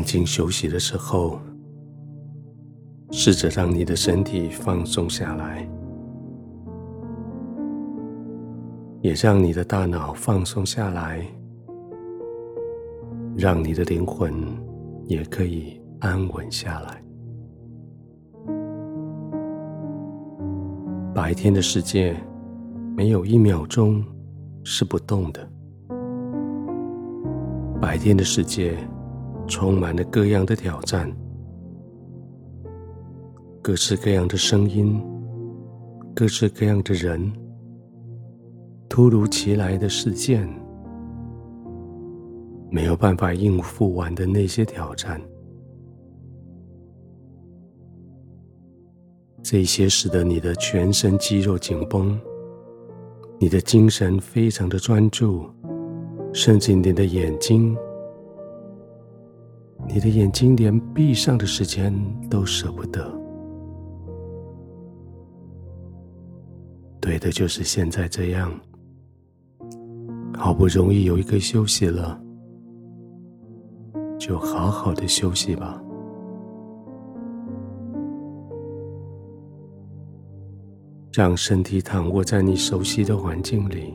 安靜休息的時候，試着讓你的身體放鬆下來，也讓你的大腦放鬆下來，讓你的靈魂也可以安穩下來。白天的世界沒有一秒鐘是不動的。白天的世界。充滿了各樣的挑戰，各式各樣的聲音，各式各樣的人，突如其來的事件，沒有辦法應付完的那些挑戰，這些使得你的全身肌肉緊繃，你的精神非常的專注，甚至你的眼睛。你的眼睛連閉上的時間都捨不得，對的，就是現在這樣。好不容易有一個休息了，就好好的休息吧，讓身體躺臥在你熟悉的環境裡，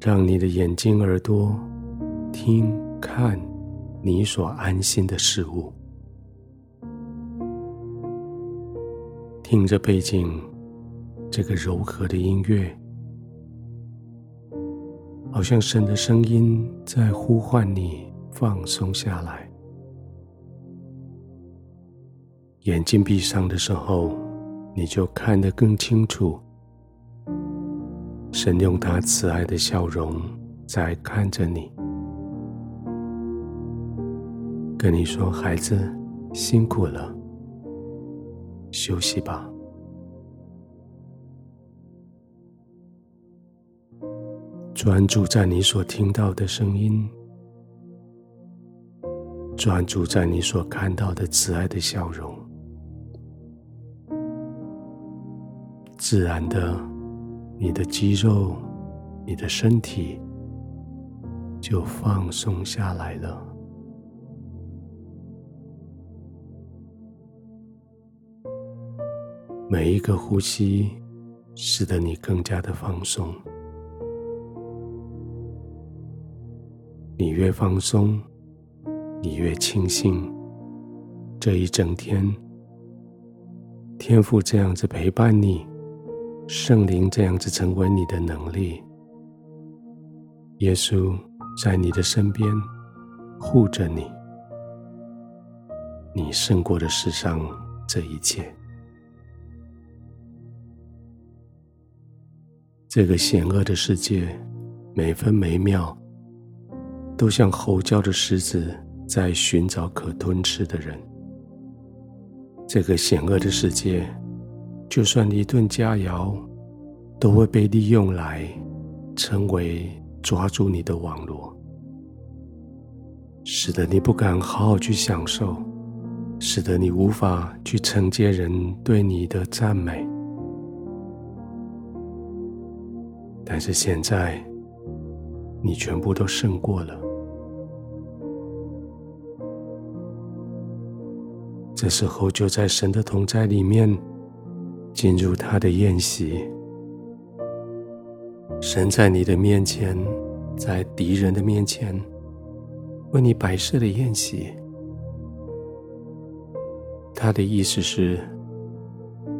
讓你的眼睛、耳朵聽。看你所安心的事物。聽着背景這個柔和的音樂，好像神的聲音在呼喚你放鬆下來。眼睛閉上的時候，你就看得更清楚。神用他慈愛的笑容在看着你。跟你說，孩子，辛苦了，休息吧。專注在你所聽到的聲音，專注在你所看到的慈愛的笑容，自然的，你的肌肉、你的身體就放鬆下來了。每一個呼吸，使得你更加的放鬆。你越放鬆，你越清醒。這一整天，天父這樣子陪伴你，聖靈這樣子成為你的能力，耶穌在你的身邊護着你，你勝過了世上這一切。這個險惡的世界，每分每秒都像吼叫的獅子，在尋找可吞吃的人。這個險惡的世界，就算一頓佳餚，都會被利用來成為抓住你的網羅，使得你不敢好好去享受，使得你無法去承接人對你的讚美。但是現在，你全部都勝過了。這時候，就在神的同在裡面，進入他的宴席。神在你的面前，在敵人的面前，為你擺設的宴席。他的意思是，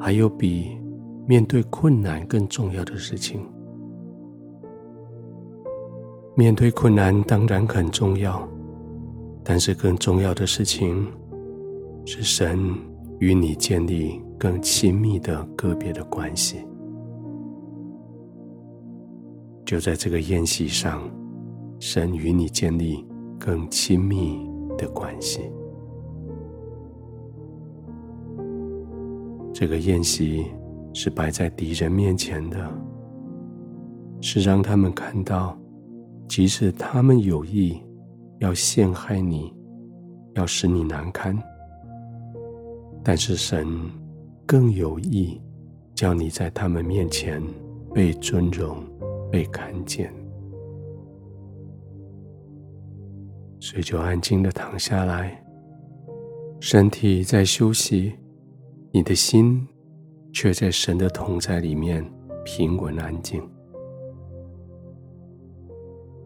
還有比面對困難更重要的事情。面對困難當然很重要，但是更重要的事情是神與你建立更親密的個別的關係。就在這個宴席上，神與你建立更親密的關係。這個宴席是擺在敵人面前的，是讓他們看到。即使他們有意要陷害你，要使你難堪，但是神更有意叫你在他們面前被尊重，被看見。所以就安靜地躺下來，身體在休息，你的心卻在神的同在裡面平穩安靜。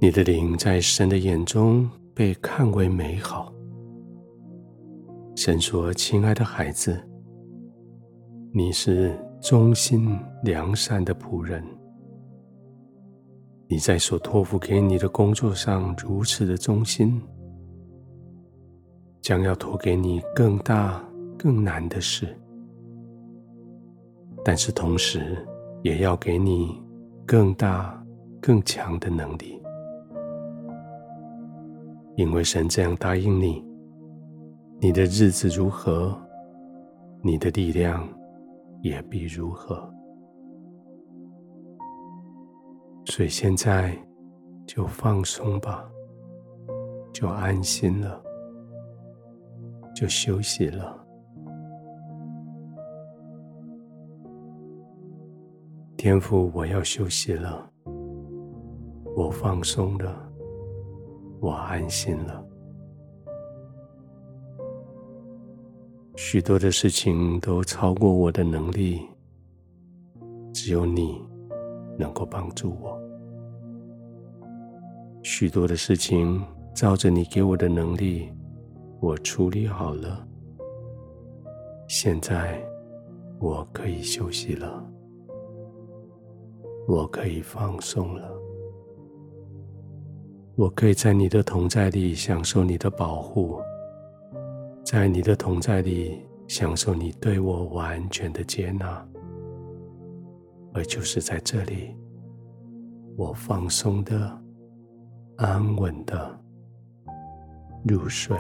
你的靈在神的眼中被看為美好。神說：“親愛的孩子，你是忠心良善的僕人。你在所託付給你的工作上如此的忠心，將要託給你更大更難的事，但是同時也要給你更大更強的能力。”因為神這樣答應你，你的日子如何，你的力量也必如何。所以現在就放鬆吧，就安心了，就休息了。天父，我要休息了，我放鬆了。我安心了，許多的事情都超過我的能力，只有你能夠幫助我。許多的事情照着你給我的能力，我處理好了。現在我可以休息了，我可以放鬆了。我可以在你的同在裡享受你的保護，在你的同在裡享受你對我完全的接納，而就是在這裡，我放鬆的、安穩的入睡。